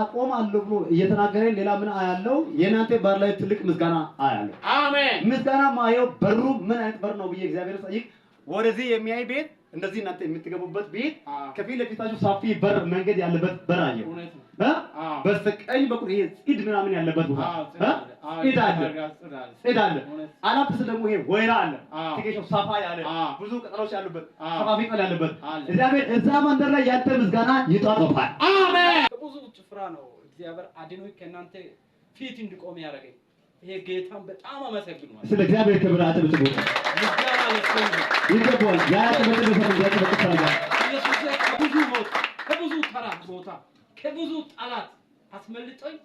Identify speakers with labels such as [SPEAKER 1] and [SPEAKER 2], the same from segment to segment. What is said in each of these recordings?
[SPEAKER 1] አቆም አለው ብሎ እየተናገረ ሌላ ምን አያለው? የእናንተ በር ላይ ትልቅ ምስጋና አያለው። አሜን። ምስጋና ማየው በሩ ምን አይነት በር ነው ብዬ እግዚአብሔር ጠይቅ።
[SPEAKER 2] ወደዚህ የሚያይ ቤት እንደዚህ እናንተ የምትገቡበት ቤት ከፊት ለፊታችሁ ሰፊ በር መንገድ ያለበት በር አየሁ።
[SPEAKER 1] በስተቀኝ በኩል ይሄ ጽድ ምናምን ያለበት ቦታ ጽድ አለ፣ ጽድ አለ። አራት ስል ደግሞ ይሄ ወይራ አለ፣ ትጌሾ ሰፋ ያለ ብዙ ቅጠሎች ያሉበት ሰፋፊ ያለበት እግዚአብሔር እዛ መንደር ላይ ያንተ ምስጋና ይጧጧፋል።
[SPEAKER 2] አሜን። በብዙ ጭፍራ ነው እግዚአብሔር አድኖኝ ከእናንተ ፊት እንድቆም ያደረገኝ። ይሄ ጌታን በጣም አመሰግናለሁ።
[SPEAKER 1] ስለ እግዚአብሔር ክብር አጥብጥቡ ይገባል። ያ
[SPEAKER 2] ከብዙ ሞት ከብዙ ተራ ቦታ ከብዙ ጠላት አስመልጦኝ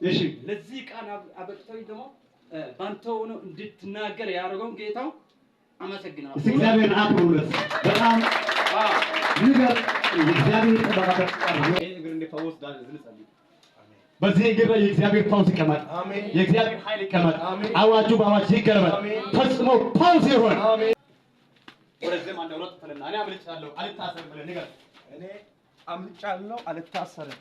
[SPEAKER 2] ለዚህ ቃል አበቅቶኝ ደግሞ ባንተ ሆኖ እንድትናገር ያደረገውን ጌታው አመሰግናለሁ።
[SPEAKER 1] እግዚአብሔር አክብሩለት በጣም ይገር እግዚአብሔር ተባረከ።
[SPEAKER 2] ፈውስ ጋር እንጸልይ።
[SPEAKER 1] በዚህ ግብር የእግዚአብሔር ፈውስ ይቀመጥ፣ የእግዚአብሔር ኃይል ይቀመጥ። አዋጁ በአዋጅ ይቀመጥ፣ ፈጽሞ ፈውስ ይሆን።
[SPEAKER 2] ወደዚህ ማን ደውረት ተለና እኔ አምልጫለሁ አልታሰርም ብለህ ንገር። እኔ አምልጫለሁ አልታሰርም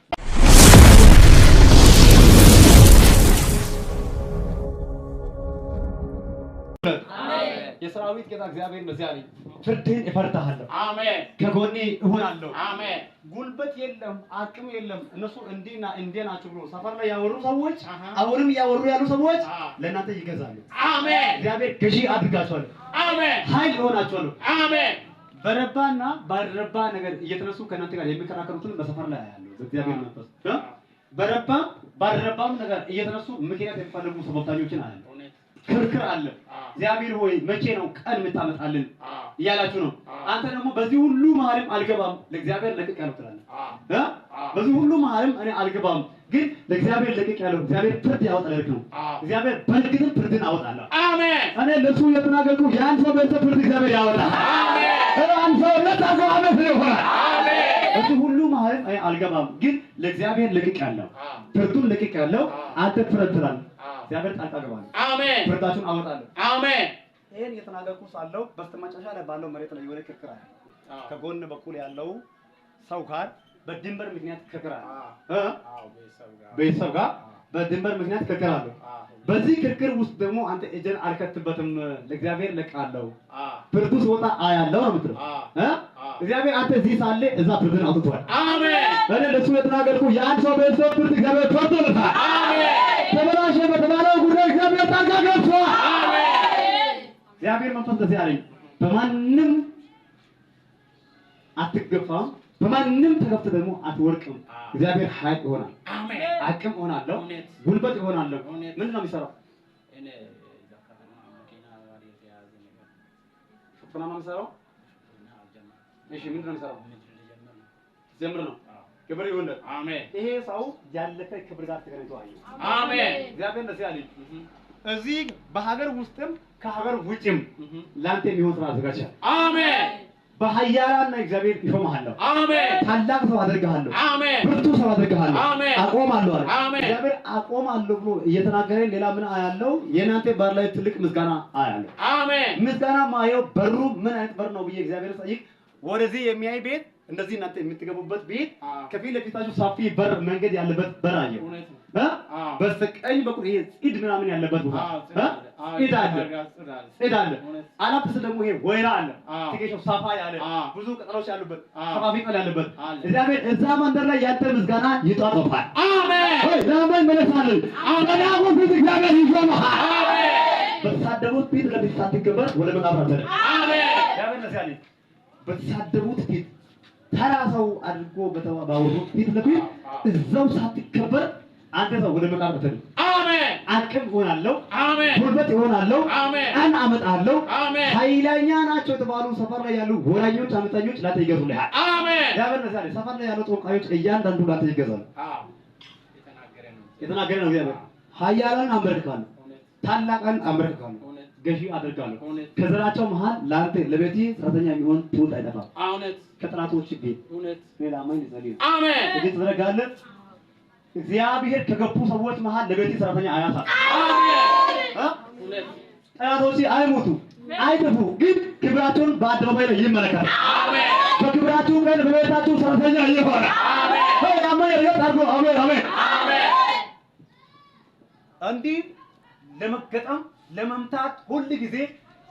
[SPEAKER 2] የሰራዊት ጌታ እግዚአብሔር እንደዚህ አለኝ፣
[SPEAKER 1] ፍርድህን እፈርድሃለሁ፣ አሜን፣ ከጎኔ እሆናለሁ፣
[SPEAKER 2] አሜን። ጉልበት የለም አቅም የለም እነሱ እንዲና እንዴ ናቸው ብሎ ሰፈር ላይ ያወሩ ሰዎች፣ አሁንም እያወሩ ያሉ ሰዎች ለእናንተ ይገዛሉ፣ አሜን።
[SPEAKER 1] እግዚአብሔር ገዢ አድርጋቸዋለሁ፣ አሜን። ኃይል እሆናቸዋለሁ፣ አሜን። በረባና ባረባ ነገር እየተነሱ ከእናንተ ጋር የሚከራከሩትን በሰፈር ላይ ያለው በእግዚአብሔር መንፈስ በረባ ባረባም ነገር እየተነሱ ምክንያት የሚፈልጉ ሰበብታኞችን አለ ክርክር አለ። እግዚአብሔር ሆይ መቼ ነው ቀን የምታመጣልን እያላችሁ ነው። አንተ ደግሞ በዚህ ሁሉ መሀልም አልገባም ለእግዚአብሔር ለቅቅ ያለው ትላለህ። በዚህ ሁሉ መሀልም እኔ አልገባም፣ ግን ለእግዚአብሔር ለቅቅ ያለው እግዚአብሔር ፍርድ ያወጣልህ ነው። እግዚአብሔር በእርግጥም ፍርድን አወጣለሁ። አሜን። እኔ ለሱ የተናገርኩ ያን ሰው በእንተ ፍርድ እግዚአብሔር ያወጣል።
[SPEAKER 2] አሜን።
[SPEAKER 1] ያን ሰው ለታዘው አመት ይሆናል። አሜን። በዚህ ሁሉ መሀልም እኔ አልገባም፣ ግን ለእግዚአብሔር ለቅቅ ያለው ፍርዱን ለቅቅ ያለው አንተ ፍረድ ትላለህ እግዚአብሔር ጣልቃ ገባለሁ። አሜን። ፍርዳችሁን አወጣለሁ።
[SPEAKER 2] አሜን። ይሄን እየተናገርኩ ሳለሁ በስተመጨረሻ ላይ ባለው መሬት ላይ የሆነ ክርክር አለ። ከጎን በኩል ያለው ሰው ጋር በድንበር ምክንያት ክርክር አለ።
[SPEAKER 1] ቤተሰብ ጋር በድንበር ምክንያት ክርክር አለ። በዚህ ክርክር ውስጥ ደግሞ አንተ እጄን አልከትበትም፣ ለእግዚአብሔር ለቃለሁ፣ ፍርዱ ሲወጣ አያለው ነው የምትለው። እግዚአብሔር አንተ እዚህ ሳለ እዛ ፍርድን አውጥቷል። አሜን። እኔ ለሱ የተናገርኩ የአንድ ሰው ቤተሰብ ፍርድ እግዚአብሔር ፈርዶለታል። አሜን። እግዚአብሔር መንፈስ እንደዚህ አለኝ፣ በማንም አትገፋም፣ በማንም ተገፍተህ ደግሞ አትወርቅም። እግዚአብሔር ኃይል ይሆናል፣ አቅም እሆናለሁ፣ ጉልበት ይሆናለሁ። ምን ነው የሚሰራው? ሹፍና ነው የሚሰራው። እሺ፣ ምንድን ነው የሚሰራው? ጀምር ነው ክብር ይሁን። አሜን። ይሄ ሰው ያለፈ ክብር ጋር ተገናኝቶ አየሁ። አሜን። እግዚአብሔር እንደዚህ አለኝ፣ እዚህ በሀገር ውስጥም ከሀገር ውጭም ለአንተ የሚሆን ስራ አዘጋጅቻለሁ። አሜን። በሀያላና እግዚአብሔር ይሾምሃለሁ። አሜን። ታላቅ ሰው አደርግሃለሁ። አሜን። ብርቱ ሰው አደርግሃለሁ። አሜን። አቆማለሁ አለ። እግዚአብሔር አቆማለሁ ብሎ እየተናገረኝ ሌላ ምን አያለው? የእናንተ በር ላይ ትልቅ ምስጋና አያለሁ። አሜን። ምስጋና ማየው በሩ ምን አይነት በር ነው ብዬ እግዚአብሔር ጠይቅ። ወደዚህ የሚያይ ቤት እንደዚህ እናንተ የምትገቡበት ቤት ከፊት ለፊታችሁ ሰፊ በር መንገድ ያለበት በር አየሁ። በስተቀኝ በኩል ይሄ ጽድ ምናምን ያለበት ቦታ ጽድ አለ፣ ጽድ አለ። አናፍስ ደግሞ ይሄ ወይራ አለ፣ ትጌሻው ሰፋ ያለ ብዙ ቅጠሎች ያሉበት ሰፋ ፊቅል ያለበት እግዚአብሔር እዛ መንደር ላይ ያንተ ምስጋና ይጧጧፋል።
[SPEAKER 2] አሜን።
[SPEAKER 1] ለምን መለሳለን? አሁን ብዙ እግዚአብሔር ይሾመሃል። በተሳደቡት ፊት ለፊት ሳትገበር ወደ መቃብር አትሄድ። አሜን። በተሳደቡት ፊት ተራ ሰው አድርጎ በተባባሩት ፊት ለፊት እዛው ሳትከበር አንተ ሰው ወደ መቃብር ተል አሜን። አቅም እሆናለሁ አሜን። ጉልበት እሆናለሁ አሜን። አመጣለሁ ኃይለኛ ናቸው የተባሉ ሰፈር ላይ ያሉ ወራኞች፣ አመጣኞች ላንተ ይገዙልሃል። አሜን። ሰፈር ላይ ያሉ ጠንቋዮች እያንዳንዱ ላንተ ይገዛሉ። አዎ የተናገረ ነው ኃያላን አመርካለሁ፣ ታላቃን አመርካለሁ፣ ገዢ አደርጋለሁ። ከዘራቸው መሃል ላንተ ለቤት ሰራተኛ የሚሆን ትውልድ አይጠፋም። ከጥላቶች ቤት ሌላ ማን ይዘልይ አሜን። እዚህ ተዘረጋለህ እግዚአብሔር ከገቡ ሰዎች መሀል ለቤት ሰራተኛ አያሳል። ጠላቶች አይሞቱ፣ አይጥፉ፣ ግን ክብራቸውን በአደባባይ ላይ ይመለከታል። በክብራቱ ቀን በቤታችሁ ሰራተኛ ይባላል። እንዲህ ለመገጠም ለመምታት ሁል ጊዜ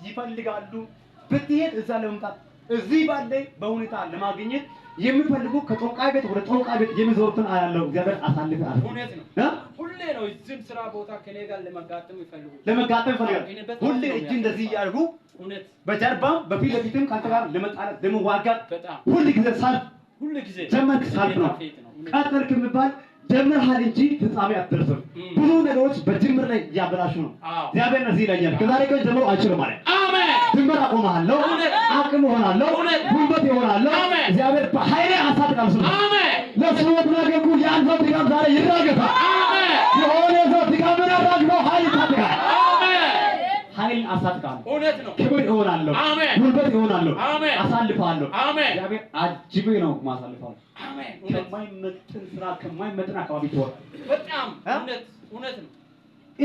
[SPEAKER 1] ይፈልጋሉ። ብትሄድ እዛ ለመምታት እዚህ ባለ በሁኔታ ለማግኘት የሚፈልጉ ከጦንቃይ ቤት ወደ ጦንቃይ ቤት የሚዞሩትን አያለው። እግዚአብሔር አሳልፈ አለ።
[SPEAKER 3] እውነት ነው።
[SPEAKER 2] ሁሌ ነው እዚህም ስራ ቦታ ከኔ ጋር ለመጋጠም ይፈልጉ
[SPEAKER 1] ለመጋጠም ይፈልጋል። ሁሌ እጅ እንደዚህ እያደረጉ እውነት፣ በጀርባም በፊት ለፊትም ከአንተ ጋር ለመጣላት ለመዋጋት ሁል ጊዜ ሳል ሁል ጊዜ ጀመርክ ሳልፍ ነው ቀጠልክ የሚባል ጀምርሃል እንጂ ፍጻሜ አትደርስም። ብዙ ነገሮች በጅምር ላይ እያበላሹ ነው። እግዚአብሔር እዚህ ይለኛል። ከዛሬ ቀን ጀምሮ አይችልም ማለት አሜን ድንበር አቆማለሁ፣ አቅም እሆናለሁ፣ ጉልበት እሆናለሁ። እግዚአብሔር በኃይሌ አሳጥቃል። ስለ ለሱ ወድናገርኩ የአንተ ድጋም ዛሬ
[SPEAKER 2] ይራገፋል።
[SPEAKER 1] የሆነ ሰው ድጋምን አራግፈው ኃይል ይታጥቃል። ኃይል አሳጥቃል። ክብር እሆናለሁ፣ ጉልበት እሆናለሁ፣ አሳልፋለሁ። እግዚአብሔር አጅብ ነው ማሳልፋለሁ። ከማይመጥን ስራ ከማይመጥን አካባቢ ትወጣ
[SPEAKER 2] በጣም
[SPEAKER 3] እውነት ነው።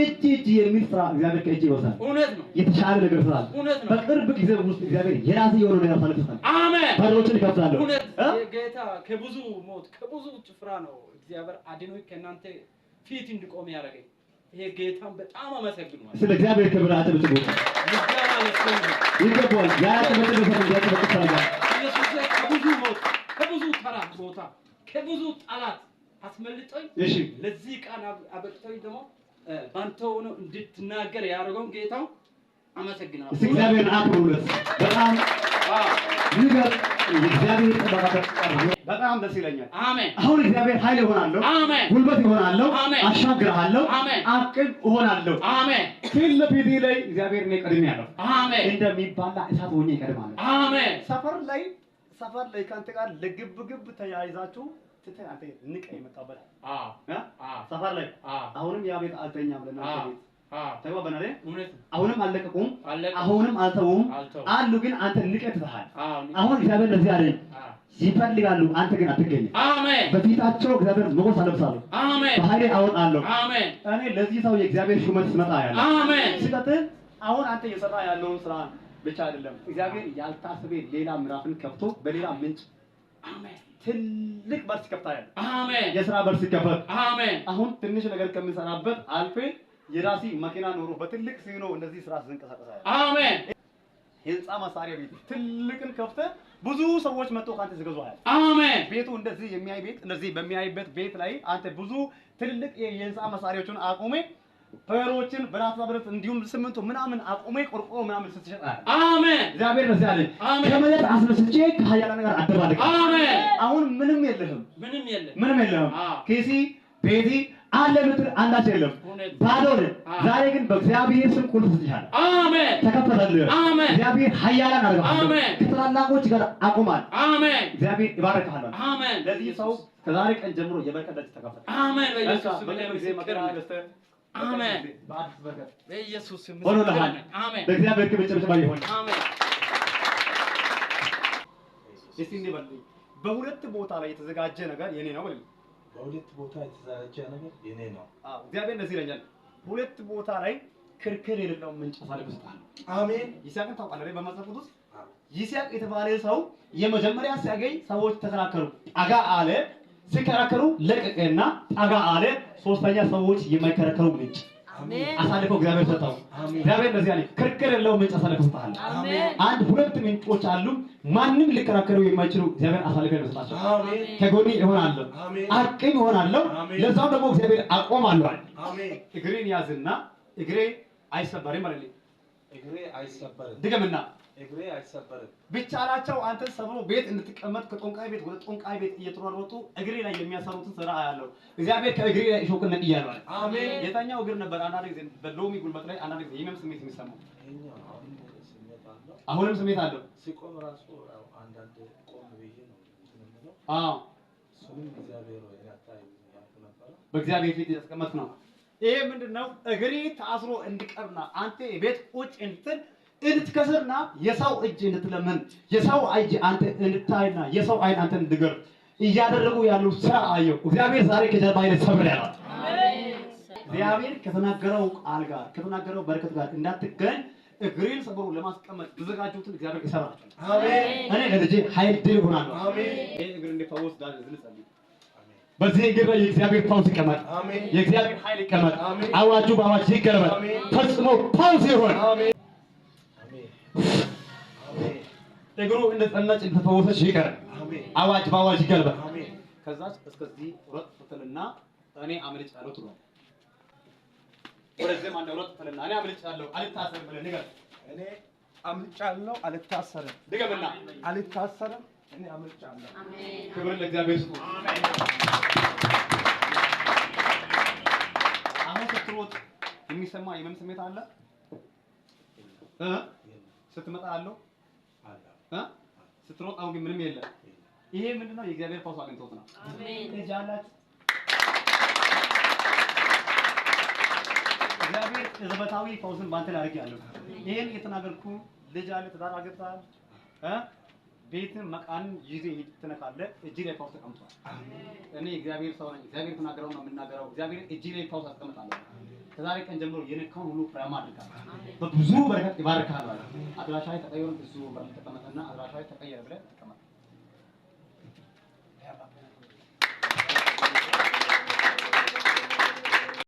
[SPEAKER 1] እጅ እጅ የሚል ስራ እግዚአብሔር ከእጅ ይወስዳል። እውነት ነው። የተሻለ ነገር ስራል። በቅርብ ጊዜ ውስጥ እግዚአብሔር የራስ የሆነ ነገር ሳለ ይሰጣል። አሜን። በሮችን ይከፍታል።
[SPEAKER 3] እውነት
[SPEAKER 2] ጌታ ከብዙ ሞት ከብዙ ጭፍራ ነው እግዚአብሔር አድኖኝ ከእናንተ ፊት እንድቆም ያደረገኝ። ይሄ ጌታን በጣም አመሰግናለሁ።
[SPEAKER 1] ስለ እግዚአብሔር ክብር አጥብጥቡ ይገባል። ያ ተመጥቶ ኢየሱስ
[SPEAKER 2] ከብዙ ሞት ከብዙ ተራ ቦታ ከብዙ ጠላት አስመልጦኝ፣ እሺ ለዚህ ቃል አበቅቶኝ ደግሞ ባንተ ሆኖ እንድትናገር ያደረገውን ጌታው አመሰግናለሁ።
[SPEAKER 1] እግዚአብሔር አክብሩለት። በጣም ይገር እግዚአብሔር በጣም ደስ ይለኛል። አሜን። አሁን እግዚአብሔር ኃይል እሆናለሁ። አሜን። ጉልበት እሆናለሁ። አሜን። አሻግርሃለሁ። አሜን። አቅም እሆናለሁ። አሜን። ፊት ላይ እግዚአብሔር እኔ አሜን። እንደሚባላ እሳት ሆኜ እቀድማለሁ።
[SPEAKER 2] አሜን። ሰፈር ላይ ሰፈር ላይ ከአንተ ጋር ለግብግብ ተያይዛችሁ ትተናንተ ንቀ ይመጣበታል። አዎ
[SPEAKER 1] አፋር ላይ አሁንም ያ ቤት አልተኛም ተግባባን አይደል? አሁንም አልለቀቁም፣ አሁንም አልተውም አሉ። ግን አንተ ንቀትሃል። አሁን እግዚአብሔር ለዚህ አለኝ ይፈልጋሉ፣ አንተ ግን አትገኝም። አሜን። በፊታቸው እግዚአብሔር ሞገስ አለብሳለሁ፣ አሜን። በኃይሌ አወጣለሁ፣ አሜን። እኔ ለዚህ ሰው የእግዚአብሔር ሹመት ስመጣ ያለ አሜን። ሲቀጥል አሁን አንተ እየሰራ ያለውን ስራ ብቻ አይደለም እግዚአብሔር ያልታሰበ ሌላ ምዕራፍን ከፍቶ በሌላ ምንጭ ትልቅ በርስ ይከፍታል። አሜን። የስራ በርስ ይከፈት። አሜን። አሁን ትንሽ ነገር ከምንሰራበት አልፌ የራሲ መኪና ኖሮ በትልቅ ሲኖ እንደዚህ ስራ ስንቀሳቀሳል። አሜን። የህንፃ መሳሪያ ቤት ትልቅን ከፍተ ብዙ ሰዎች መጥቶ ካንተ ዝገዙሃል። አሜን። ቤቱ እንደዚህ የሚያይ ቤት እንደዚህ በሚያይበት ቤት ላይ አንተ ብዙ ትልቅ የህንፃ መሳሪያዎችን አቁሜ ፈሮችን በራሷ ብረት እንዲሁም ስምንቱ ምናምን አቁሜ ቆርቆሮ ምናምን ስትሸጥ አሜን። እግዚአብሔር በዚህ አሜን። ከመለት አስነስቼ ከሀያላ ነገር አደባልቅ። አሜን። አሁን ምንም የለህም፣ ምንም የለህም፣ ምንም የለህም። ኪሲ ቤቲ አለ ምትል አንዳች የለም፣ ባዶ ነህ። ዛሬ ግን በእግዚአብሔር ስም ቁልፍ ስትሻል አሜን፣ ተከፈተልህ። አሜን። እግዚአብሔር ሀያላን አድርገህ አሜን፣ ከታላላቆች ጋር አቁማል። አሜን። እግዚአብሔር ይባርክሃል። አሜን። ለዚህ ሰው ከዛሬ ቀን ጀምሮ የበረከት ደጅ ተከፈተ። አሜን። በኢየሱስ በእግዚአብሔር መከራ ደስተ
[SPEAKER 2] ሆኖልሃል።
[SPEAKER 1] ለእግዚአብሔር ክብር ጭብጨባ ይሆን። በሁለት ቦታ ላይ የተዘጋጀ ነገር የኔ ነው
[SPEAKER 2] በሁለት ቦታ የተዘጋጀ ነገር የኔ ነው።
[SPEAKER 1] እግዚአብሔር እንደዚህ ይለኛል፣ ሁለት ቦታ ላይ ክርክር የሌለው ምንጭ አሳልፍ እሰጥሃለሁ። አሜን። ይስሐቅን ታውቃለህ በመጽሐፍ ቅዱስ ይስሐቅ የተባለ ሰው የመጀመሪያ ሲያገኝ ሰዎች ተከራከሩ። ጠጋ አለ ሲከራከሩ ለቀቀና ጠጋ አለ። ሶስተኛ ሰዎች የማይከራከሩ ምንጭ አሳልፎ እግዚአብሔር ሰጠው። እግዚአብሔር እንደዚህ አለ፣ ክርክር የለው ምንጭ አሳልፎ ሰጠሃል። አንድ ሁለት ምንጮች አሉ፣ ማንም ሊከራከሩ የማይችሉ እግዚአብሔር አሳልፎ ይመስላቸው። ከጎኒ እሆናለሁ፣ አቅኝ እሆናለሁ፣ ለዛው ደግሞ እግዚአብሔር አቆማለሁ አለ። እግሬን ያዝና እግሬ አይሰበርም አለ።
[SPEAKER 2] እግሬ አይሰበርም
[SPEAKER 1] ድገምና ቢቻላቸው አንተን ሰብሮ ቤት እንድትቀመጥ ከጦንቃይ ቤት ወደ ጦንቃይ ቤት እየተሯሯጡ እግሬ ላይ የሚያሰሩትን ስራ ያለው እግዚአብሔር ከእግሬ ላይ እሾክን እያለ የተኛው እግር ነበር። አንዳንድ ጊዜ በሎሚ ጉልበት ላይ አንዳንድ ጊዜ የህመም ስሜት የሚሰማው አሁንም ስሜት አለው።
[SPEAKER 2] ሲቆም ራሱ አንዳንድ ቆም ብዬ
[SPEAKER 1] ነው በእግዚአብሔር ፊት እያስቀመጥ ነው። ይሄ ምንድን ነው? እግሪ ታስሮ እንዲቀርና አንተ ቤት ቁጭ እንድትል እንድትከስርና የሰው እጅ እንድትለምን የሰው እጅ አንተ እንድታይና የሰው አይን አንተ እንድገር እያደረጉ ያሉ ስራ አየሁ። እግዚአብሔር ዛሬ ከጀርባ ይለ ሰብር ያላት እግዚአብሔር ከተናገረው ቃል ጋር ከተናገረው በረከት ጋር እንዳትገኝ እግሬን ሰብሮ ለማስቀመጥ ተዘጋጁትን እግዚአብሔር ይሰራችሁ።
[SPEAKER 2] አሜን።
[SPEAKER 1] እኔ ለልጄ ኃይል ድል ሆናለሁ። አሜን። ይሄ እግር እንዲፈወስ ዳን ዝልጸልይ በዚህ እግር የእግዚአብሔር ፓውስ ይቀመጥ፣ የእግዚአብሔር ኃይል ይቀመጥ። አዋጁ በአዋጅ ይቀመጥ፣ ፈጽሞ ፓውስ ይሆን። አሜን። እግሩ እንደጠናጭ እንደተፈወሰች ይቀር። አዋጅ በአዋጅ ይገልበል። ከዛች እስከዚህ ሮጥ ስትልና እኔ አምልጫለሁ ትሏል። ወደዚህ ማነው ሮጥ ስትልና እኔ አምልጫለሁ አልታሰርም ብለህ ንገር። እኔ
[SPEAKER 2] አምልጫለሁ አልታሰርም ድገምና፣ አልታሰርም እኔ አምልጫለሁ።
[SPEAKER 1] ክብር ለእግዚአብሔር ይሁን። አሁን ስትሮጥ የሚሰማ የምን ስሜት አለ? ስትመጣ አለው ስትሮጥ አሁን ግን ምንም የለም። ይሄ ምንድነው? የእግዚአብሔር ፓስ አግኝቶት ነው። አሜን። እጅ እግዚአብሔር ህዝበታዊ ፈውስን ባንተ ላይ አድርጌያለሁ። ይሄን እየተናገርኩ ልጅ አለ፣ ትዳር አግብተሃል፣ ቤትን መቃን ይዜ ትነካለ። እጅ ላይ ፓውስ ተቀምጧል። እኔ እግዚአብሔር ሰው ነኝ። እግዚአብሔር የተናገረው ነው የምናገረው። እግዚአብሔር እጅ ላይ ፓውስ አስቀምጣለሁ። ከዛሬ ቀን ጀምሮ የነካውን ሁሉ ፍሬያማ አድርጋለሁ፣ በብዙ በረከት ይባርካል። አድራሻ ተቀየረ፣ ብዙ በረከት ተቀመጠና አድራሻ ተቀየረ ብለህ